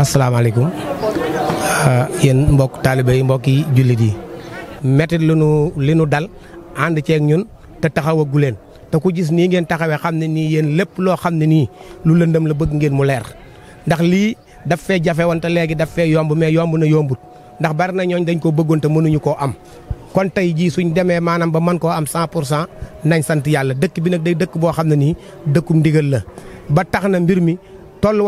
asalaamaaleykum euh, yenn mbokk taalibe yi mbokk yi jullit yi métit lu nu li nu dal ànd ceeg ñun te taxawagu leen te ku gis nii ngeen taxawee xam ne nii yéen lépp loo xam ne nii lu lëndëm la bëgg ngeen mu leer ndax lii daf fee jafe woon te léegi daf fee yomb mais yomb na yombut ndax bari na ñooñ dañ koo bëggoon te mënuñu koo am. kon tey jii suñ demee maanaam ba man koo am 100 pour cent nañ sant yàlla dëkk bi nag day dëkk boo xam ne nii dëkkum ndigal la ba tax na mbir mi toll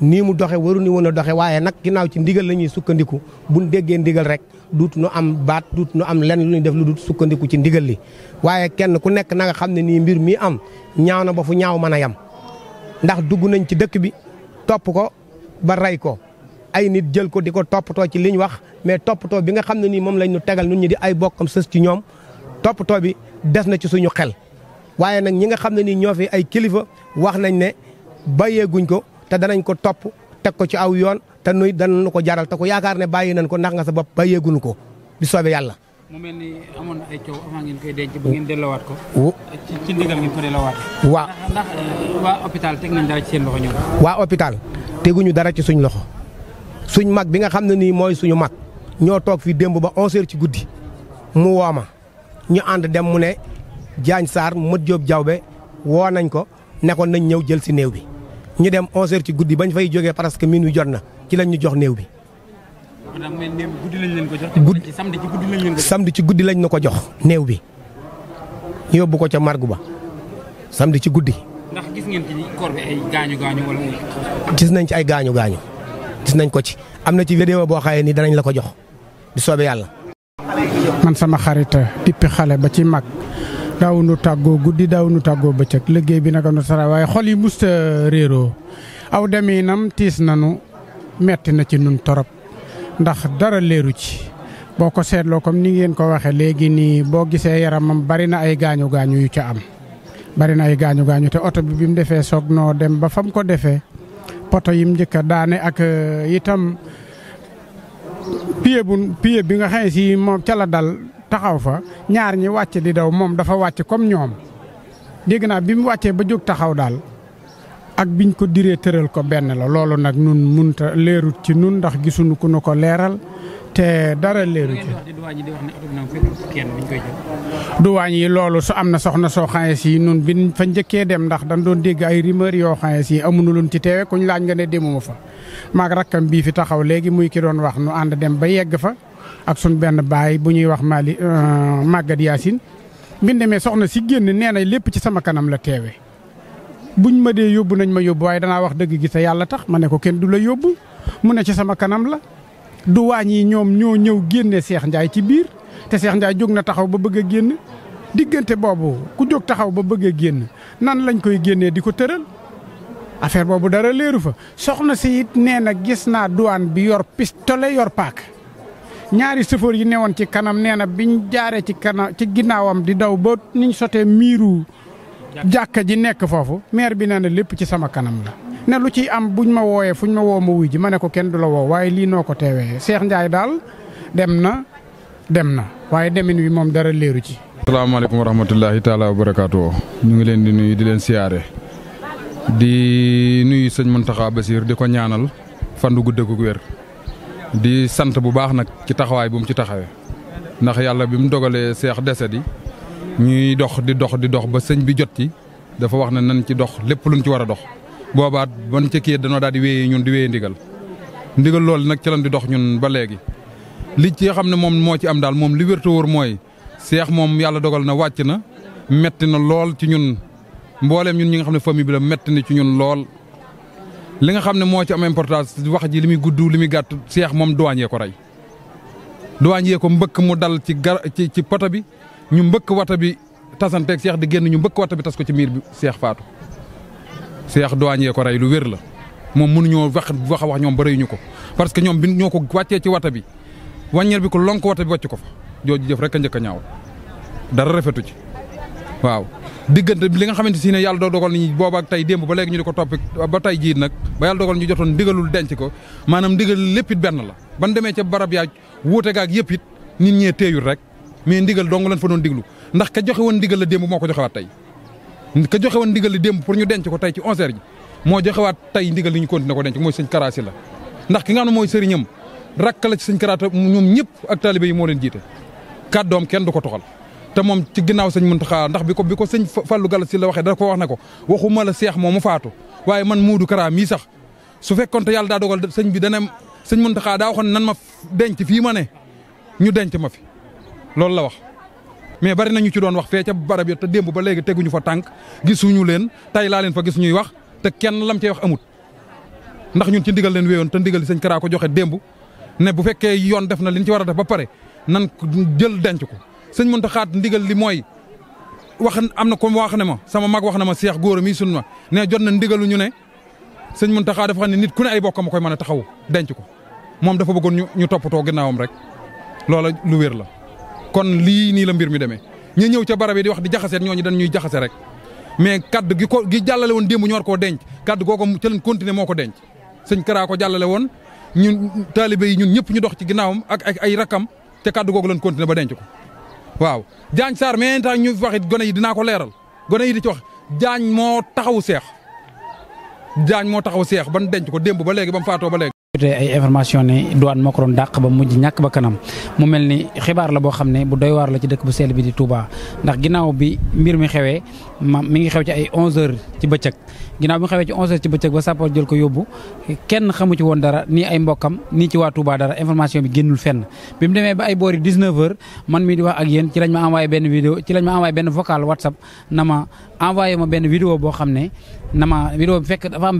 nii mu doxe waru woon a doxe waaye nag ginnaaw ci ndigal la ñuy sukkandiku buñ déggee ndigal rek duut nu am baat duut nu am lenn lu ñuy def lu dut sukkandiku ci ndigal li waaye kenn ku nekk na nga xam ne nii mbir mii am ñaaw na ba fu ñaaw mën a yem ndax dugg nañ ci dëkk bi topp ko ba rey ko ay nit jël ko di ko toppatoo ci liñ wax mais toppatoo bi nga xam ne nii moom lañ ñu tegal nun ñi di ay bokkam sës ci ñoom toppatoo bi des na ci suñu xel waaye nag ñi nga xam ne nii ñoo fi ay kilifa wax nañ ne bàyyeeguñ ko te danañ ko topp teg ko ci aw yoon te nuy danañ ko jaral te ko yaakaar ne bàyyi nañ ko ndax nga sa bopp bàyyeeguñu ko bi soobee yàlla. mel ni amoon ay coow avant ngeen koy ko. ci ci ndigal eh, waa hôpital ci seen loxo ñoom. waa hôpital teguñu dara ci suñ loxo suñ mag bi nga xam ne nii mooy suñu mag ñoo toog fii démb ba 11h ci guddi mu woo ma ñu ànd dem mu ne Diagne Sarr mët Diop Diawbe woo nañ ko nekkoon nañ ñëw jël si néew bi. ñu dem 11h ci guddi bañ fay jógee parce que minuit jot na ci lañ jox néew bi. guddi ci guddi lañ leen ko jox samedi néew bi ñu yóbbu ko ca margu ba samedi ci guddi. gis nañ ci ay gaañu gaañu gis nañ ko ci am na ci vidéo boo xaye ni danañ la ko jox di soobee yàlla. man sama xarit dippi xale ba ci mag. daawuñu tàggoo guddi daawuñu tàggoo bëccëg liggéey bi naka nu sara waaye xol yi musta réeroo aw demiinam tiis nanu metti na ci nun torop ndax dara leeru ci boo ko seetloo comme ni ngeen ko waxee léegi nii boo gisee yaramam bari na ay gaañu gaañu yu ca am bari na ay gaañu gaañu te oto bi bi mu defee soog noo dem ba fam ko defee poto yi yim njëkka daane ak itam pied bu pied bi nga xam si moom ca dal taxaw fa ñaar ñi wàcc di daw moom dafa wàcc comme ñoom dégg naa bi mu wàccee ba jóg taxaw daal ak biñ ko diree tëral ko benn la loolu nag nun munta leerut ci nun ndax gisuñu ku nu ko leeral te dara leeru ci duwaañ yi loolu su am na soxna soo xayes yi nun bi fa njëkkee dem ndax dañ doon dégg ay rumeur yoo xayes yi nu luñ ci teewe kuñ laaj nga ne demuma fa maag rakkam bii fi taxaw léegi muy ki doon wax nu ànd dem ba yegg fa ak sun benn baay bu ñuy wax Mali euh, Maguette Yacine biñ demee soxna si génn nee na lépp ci sama kanam la teewe buñ ma dee yóbbu nañ ma yóbbu waaye danaa wax dëgg gi te yàlla tax ma ne ko kenn du la yóbbu mu ne ci sama kanam la du yi ñoom ñoo ñëw génne Cheikh Ndiaye ci biir te Cheikh Ndiaye jóg na taxaw ba bëgg génn diggante boobu ku jóg taxaw ba bëgg génn nan lañ koy génnee di ko tëral affaire boobu dara léeru fa soxna si it nee na gis naa duwaan bi yor pistolet yor paak ñaari sëfoor yi newoon ci kanam nee na biñ jaaree ci kanam ci ginnaawam di daw ba niñ sotee miiru jàkka ji nekk foofu maire bi nee na lépp ci sama kanam la ne lu ciy am buñ ma wooyee fuñ ma woo ma wuy ji ma ne ko kenn du la woo waaye lii noo ko teewee Cheikh Ndiaye daal dem na dem na waaye demin wi moom dara leeru ci asalaamaaleykum wa rahmatullahi taala wa barakaatu ñu ngi leen di nuyu di leen siyaare di nuyu sëñ Mountakha Bassir di ko ñaanal fan gu dëgg di sant bu baax nag ci taxawaay bu mu ci taxawee ndax yàlla bi mu dogalee seex deset yi ñuy dox di dox di dox ba sëñ bi jot ci dafa wax ne nan ci dox lépp luñ ci war a dox. boobaat ban ca kii danoo daal di wéyee ñun di wéyee ndigal ndigal loolu nag ci lan di dox ñun ba léegi li ci xam ne moom moo ci am daal moom li wér mooy seex moom yàlla dogal na wàcc na metti na lool ci ñun mboolem ñun ñi nga xam ne famille bi la metti na ci ñun lool. li nga xam ne moo ci am importance wax ji li muy gudd li muy gàtt seex moom duwaañ yee ko rey duwaañ yee ko mbëkk mu dal ci gar ci ci poto bi ñu mbëkk wata bi tasanteeg seex di génn ñu mbëkk wata bi tas ko ci miir bi seex faatu seex duwaañ yee ko rey lu wér la moom mënuñoo wax wax wax ñoom ba rëyuñu ko parce que ñoom bi ñoo ko wàccee ci wata bi wàññeer bi ko lonk wata bi ko fa jooju jëf rek a njëkk a ñaaw dara rafetu ci waaw diggante li nga xamante si ne yàlla doo dogal ni booba ak tey démb ba léegi ñu di ko toppi ba tey jii nag ba yàlla dogal ñu jotoon ndigalul denc ko maanaam ndigal lépp it benn la ban demee ca barab yaa wuute gaak yëpp it nit ñee téeyul rek mais ndigal dong lañ fa doon diglu ndax ka joxe woon ndigal la démb moo ko joxewaat tey ka joxe woon ndigal la démb pour ñu denc ko tey ci onze heures ji moo joxewaat tey ndigal li ñu continué ko denc mooy sëñ karaasi ndax ki nga xam mooy sëriñam rakk la ci sëñ karaata ñoom ñëpp ak taalibe moo leen jiite kàddoom kenn du ko toxal te moom ci ginnaaw sëñ xaa ndax bi ko bi ko sëñ Fallou Galass si la waxee da ko wax ne ko waxuma la seex moo mu faatu waaye man Moodu karaa mii sax su fekkoon te yàlla daa dogal sëñ bi dana sëñ Muntaxa daa waxoon nan ma denc fii ma ne ñu denc ma fi loolu la wax. mais bari nañu ci doon wax fee ca barab ya te démb ba léegi teguñu fa tànk gisuñu leen tay laa leen fa gis ñuy wax te kenn lam cey wax amut ndax ñun ci ndigal leen wéyoon te ndigal li sëñ Kara joxe démb ne bu fekkee yoon def na liñ ci war a def ba pare nan jël denc ko sëñ xaat ndigal li mooy wax am na comme wax ne ma sama mag wax na ma seex góor mi sun ma ne jot na ndigalu ñu ne sëñ Muntaxa dafa xam ne nit ku ne ay bokkam koy mën a taxaw denc ko moom dafa bëggoon ñu ñu toppatoo ginnaawam rek loola lu wér la. kon lii nii la mbir mi demee ñu ñëw ca barab yi di wax di jaxase ñooñu dañ ñuy jaxase rek mais kaddu gi ko gi jàllale woon démb ñu war koo denc kadd goo ko ca leen continuer moo ko denc sëñ Kara ko jàllale woon ñun taalibe yi ñun ñëpp ñu dox ci ginnaawam ak ay rakkam te kaddu googu leen continuer ba denc ko waaw Diagne Sarr mais taa ñu wax gone yi dinaa ko leeral gone yi di ci wax moo taxawu seex Diagne moo taxawu seex ban denc ko démb ba léegi ba mu faatoo ba léegi. député ay information ne douane moo ko doon dàq ba mujj ñàkk ba kanam mu mel ni xibaar la boo xam ne bu doy waar la ci dëkk bu sell bi di Touba ndax ginnaaw bi mbir mi xewee ma mi ngi xew ci ay 11h ci bëccëg ginnaaw mu xewee ci 11h ci bëccëg ba sappoor jël ko yóbbu kenn xamu ci woon dara nii ay mbokkam nii ci waa Touba dara information bi génnul fenn bi mu demee ba ay boori 19 man mii di wax ak yéen ci lañ ma envoyé benn boo xam ne na ma vidéo fekk dafa am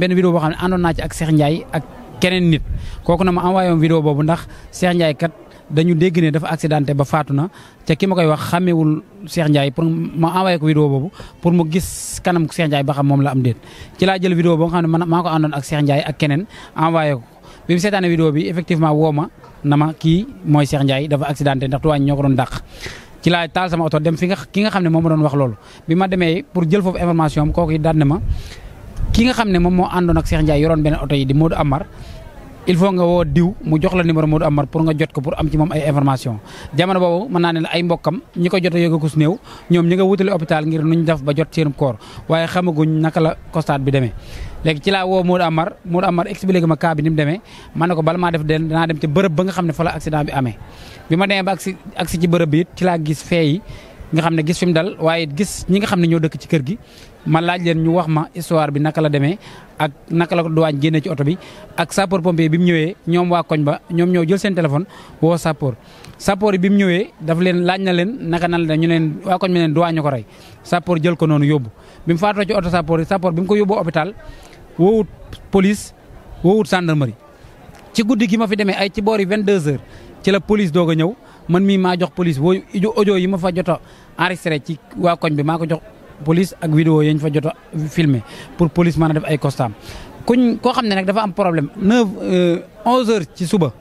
keneen nit kooku na ma envoyé woon boobu ndax Cheikh Ndiaye kat dañu dégg ne dafa accidenté ba faatu na te ki ma koy wax xàmmewul Cheikh Ndiaye pour ma envoyé ko vidéo boobu pour mu gis kanam Cheikh Ndiaye ba xam moom la am déet ci laa jël vidéo boo xam ne man maa ko àndoon ak Cheikh Ndiaye ak keneen envoyé ko bi mu seetaane vidéo bi woo ma na ma kii mooy Cheikh Ndiaye dafa accidenté ndax tuwaañ ñoo ko doon dàq ci laa taal sama oto dem fi nga ki nga xam ne moom ma doon wax loolu bi ma demee pour jël foofu information am kooku daan na ma ki nga xam ne moom moo àndoon ak Cheikh Ndiaye yoroon beneen oto yi di Modou Amar il faut nga woo diw mu jox la numéro Modou Amar pour nga jot ko pour am ci moom ay information jamono boobu mën naa ne ay mbokkam ñi ko jot a yëgakus néew ñoom ñi nga wutale hôpital ngir nuñ def ba jot seen koor waaye xamaguñ naka la constat bi demee léegi ci laa woo Modou Amar Modou Amar expliqué ma cas bi ni mu demee ma ne ko bala maa def den danaa dem ci bërëb ba nga xam ne fa la accident bi amee bi ma laa gis fee yi nga xam ne gis fi dal waaye gis ñi nga xam ne ñoo dëkk ci kër gi ma laaj leen ñu wax ma histoire bi naka la demee ak naka la ko duwaañ génnee ci oto bi ak sapeur pompier bi mu ñëwee ñoom waa koñ ba ñoom ñoo jël seen téléphone woo sapeur sapeur yi bi mu ñëwee daf leen laaj na leen naka nan la ñu leen waa koñ bi leen duwaañ ñu ko rey sapeur jël ko noonu yóbbu bi mu faatoo ci oto sapeur yi sapeur bi mu ko yóbbu hôpital woowut police woowut gendarmerie ci guddi gi ma fi demee ay ci boori 22 heures ci la police doog a ñëw man mii maa jox police woo audio yi ma fa joto a ci waa koñ bi maa ko jox police ak vidéo yañ fa joto a pour police mën a def ay constat kuñ koo xam ne nag dafa am problème 9 11 euh, heures ci suba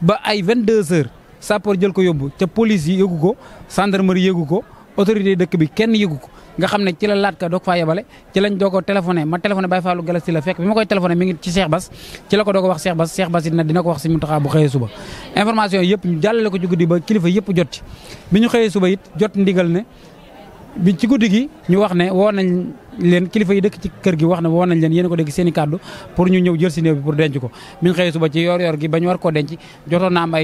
ba ay 22 heures sapeur jël ko yóbbu te police yi yëgu ko gendarmerie yëgu ko autorité dëkk bi kenn yëgu ko. nga xam ne ci la laat ka doog faa yebale ci lañ doo ko téléphoné ma téléphoné Baye Fallou Galas si fekk bi ma koy téléphoné mi ngi ci Cheikh Bass ci la ko doo ko wax Cheikh Bass Cheikh Bass it na dina ko wax Serigne Mountakha bu xëyee suba information yëpp ñu jàllale ko ci guddi ba kilifa yëpp jot ci bi ñu xëyee suba it jot ndigal ne bi ci guddi gi ñu wax ne woo leen kilifa yi dëkk ci kër gi wax ne woo nañ leen yéen a ko dégg seen i kàddu pour ñu ñëw jël si néew bi pour denc ko bi ñu ba ñu koo denc jotoon na am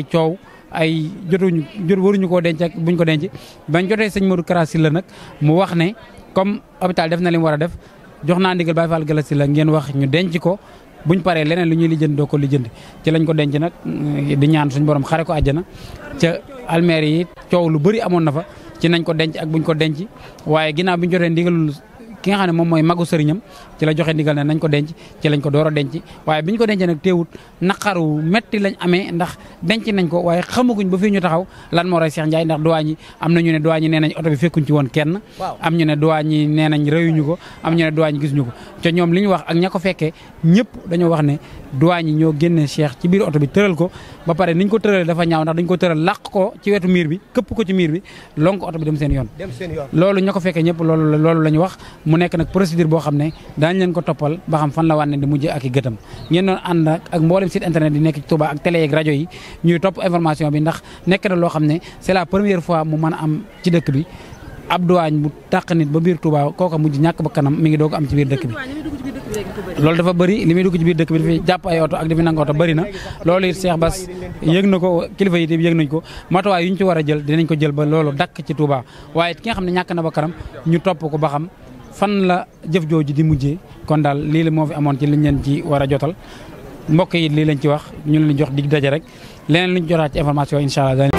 ay jotuñu jot waruñu koo denc ak buñ ko denc bañ jotee sëñ Modou Kara Sylla nag mu wax ne comme hôpital def na li mu war a def jox naa ndigal Baye Fall Gala Sylla ngeen wax ñu denc ko buñ paree leneen lu ñuy lijjanti doo ko lijjanti ci lañ ko denc nag mm, di ñaan suñ borom xare ko àjjana ca almeer yi coow lu bari amoon na fa ci nañ ko denc ak buñ ko denc waaye ginnaaw bi ñu jotee ndigalul ki ko ko door a denc waaye biñ ko dencee nag teewut naqaru metti lañ amee ndax ba fii ñu taxaw lan moo rey Cheikh Ndiaye ndax duwaañ yi am na ñu ne duwaañ yi nee nañ oto bi fekkuñ ci woon kenn am ñu ne duwaañ yi nee reyuñu ko am ñu ne duwaañ yi gisuñu ko te ñoom li ñu wax ak ña ko fekkee ñëpp dañoo wax ne duwaañ yi ñoo génne Cheikh ci biir oto bi tëral ko ba pare niñ ko tëralee dafa ñaaw ndax dañ ko tëral làq ko ci wetu miir bi këpp ko ci miir bi lonk oto bi dem seen yoon loolu ña ko fekkee ñëpp loolu lañu wax mu nekk nag procédure boo xam ne daañu leen ko toppal ba xam fan la wànne di mujj ak i gëtam ngeen doon ànd ak mboolem site internet yi nekk ci Touba ak télé yeeg rajo yi ñuy topp information bi ndax nekk na loo xam ne c'est la première fois mu mën a am ci dëkk bi ab duwaañ bu tàq nit ba biir Touba kooka mujj ñàkk ba kanam mi ngi doog am ci biir dëkk bi loolu dafa bari li muy dugg ci biir dëkk bi dafay jàpp ay oto ak dafi nangu oto bëri na loolu it yëg na ko kilifa yi yëg nañ ko matuwaay yu ñu ci war a jël dinañ ko jël ba loolu dakk ci Touba waaye ki nga ba kanam fan la jëf jooju di mujje kon daal lii la moo fi amoon ci liñ leen ci war a jotal mbokk yi lii lañ ci wax ñu leen jox dig daje rek leneen luñ jotaat ci information incha allah